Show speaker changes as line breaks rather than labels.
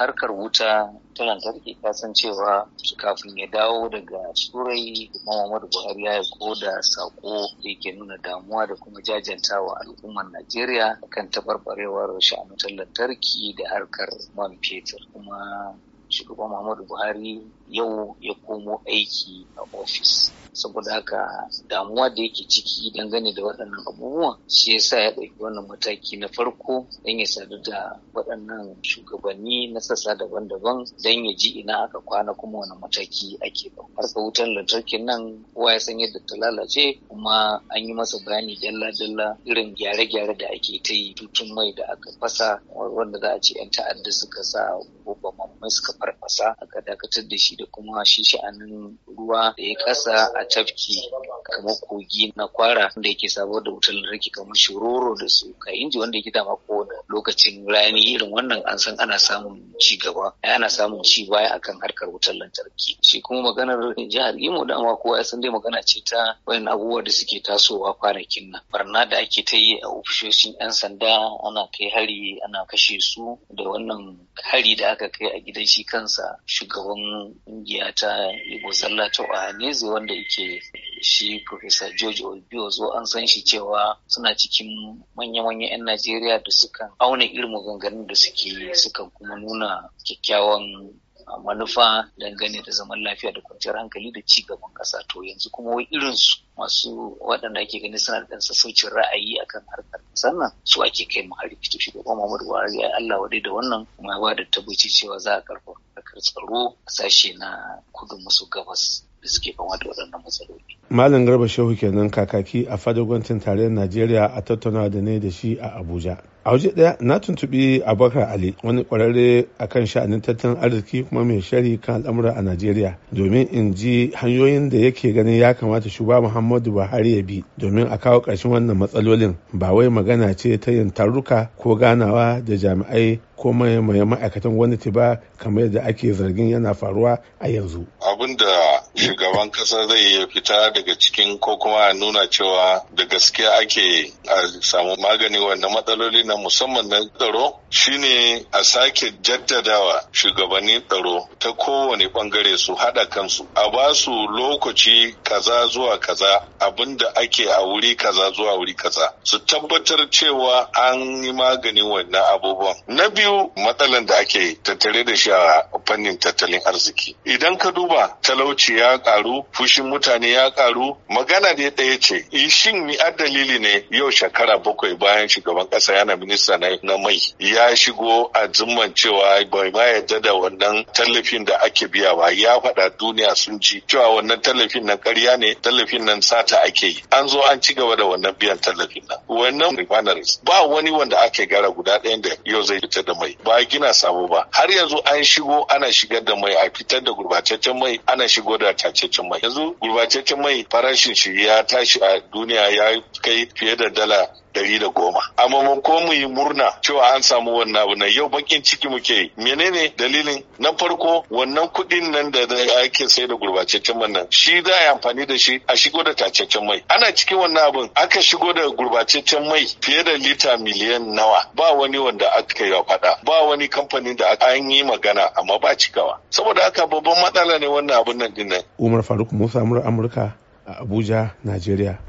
harkar wuta ta lantarki kasan cewa kafin ya dawo daga kuma muhammadu buhari ya ko da sako da yake nuna damuwa da kuma jajantawa al'ummar najeriya kan tabarbarewar sha'anutar lantarki da harkar man fetur kuma shugaban muhammadu buhari yau ya komo aiki a ofis saboda haka damuwa da yake ciki dangane da waɗannan abubuwan shi ya sa ya ɗauki wannan mataki na farko don ya sadu da waɗannan shugabanni na sassa daban-daban don ya ji ina aka kwana kuma wani mataki ake ba harka wutar lantarkin nan kowa ya san yadda ta lalace kuma an yi masa bayani dalla-dalla irin gyare-gyare da ake ta yi tutun mai da aka fasa wanda za a ce 'yan ta'adda suka sa ko mamman suka farfasa aka dakatar da shi da kuma shi sha'anin ruwa da ya kasa a tafki kamar kogi na kwara wanda yake sabo da wutar lantarki kamar shororo da su ka inji wanda yake dama da. lokacin rani irin wannan an san ana samun ci gaba ana samun ci baya akan harkar wutar lantarki shi kuma maganar jihar imo dama kowa ya san dai magana ce ta wayan abubuwa da suke tasowa kwanakin nan barna da ake ta yi a ofishoshin yan sanda ana kai hari ana kashe su da wannan hari da aka kai a gidan shi kansa shugaban kungiya ta ibo sallah ta Ohaneze wanda yake shi Professor George Obiozo an san shi cewa suna cikin manya-manyan 'yan Najeriya da suka auna irin ganganin da suke sukan kuma nuna kyakkyawan ah, manufa dangane da zaman lafiya da kwanciyar hankali da ci gaban kasa to yanzu kuma wai irinsu masu waɗanda ake gani suna da ɗansa sassaucin ra'ayi akan harkar sannan su ake kai mu hari shiga Muhammadu Buhari ya Allah wadai da wannan kuma ya ba da tabbaci cewa za a karfafa harkar tsaro a sashe na kudu maso gabas da suke fama
waɗannan matsaloli. Malam Garba Shehu kenan kakaki a fadar gwancin tarayyar Najeriya a tattauna da ne da shi a Abuja. a waje daya na tuntubi abubakar ali wani kwararre akan sha'anin tattalin arziki kuma mai shari kan al'amura a najeriya domin in ji hanyoyin da yake ganin ya kamata shugaba muhammadu buhari ya bi domin a kawo ƙarshen wannan matsalolin ba wai magana ce ta yin taruka ko ganawa da jami'ai ko mai ma'aikatan gwamnati ba kamar yadda ake zargin yana faruwa a yanzu
abun da shugaban kasa zai fita daga cikin ko kuma nuna cewa da gaskiya ake a samu magani wannan matsalolin na musamman na tsaro shine a sake jaddadawa shugabannin tsaro ta kowane bangare su hada kansu a ba su lokaci kaza zuwa kaza abinda ake a wuri kaza zuwa wuri kaza su tabbatar cewa an yi maganin wannan abubuwan na biyu matsalan da ake tattare da shi a fannin tattalin arziki idan ka duba talauci ya karu fushin mutane ya karu magana ne ɗaya ce shin ni a dalili ne yau shekara bakwai bayan shugaban ƙasa yana minista na mai ya shigo a zumman cewa bai ma yadda da wannan tallafin da ake biya ba ya faɗa duniya sun ji cewa wannan tallafin nan ƙarya ne tallafin nan sata ake yi an zo an ci gaba da wannan biyan tallafin nan wannan refineries ba wani wanda ake gara guda ɗayan da yau zai fitar da mai ba gina sabo ba har yanzu an shigo ana shigar da mai a fitar da gurbataccen mai ana shigo da tacaccen mai yanzu gurbataccen mai farashin shi ya tashi a duniya ya kai fiye da dala ɗari da goma a mun mu yi murna cewa an samu wannan abu na yau bakin ciki muke menene dalilin na farko wannan kuɗin nan da ake sai da gurbataccen man nan shi za a yi amfani da shi a shigo da tacaccen mai ana cikin wannan abin aka shigo da gurbataccen mai fiye da lita miliyan nawa ba wani wanda aka yi faɗa ba wani kamfanin da an yi magana amma ba cikawa saboda haka babban matsala ne wannan abin nan din nan
umar faruk musa amurka a abuja najeriya